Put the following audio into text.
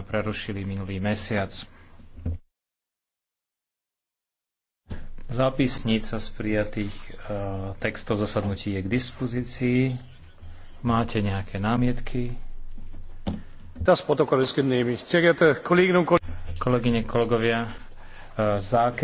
prerušili minulý mesiac. Zápisnica z prijatých e, textov zasadnutí je k dispozícii. Máte nejaké námietky? Das Protokoll ist genehmigt. Sehr geehrte Kolleginnen und Kollegen, kolegyne, kolegovia, e, záke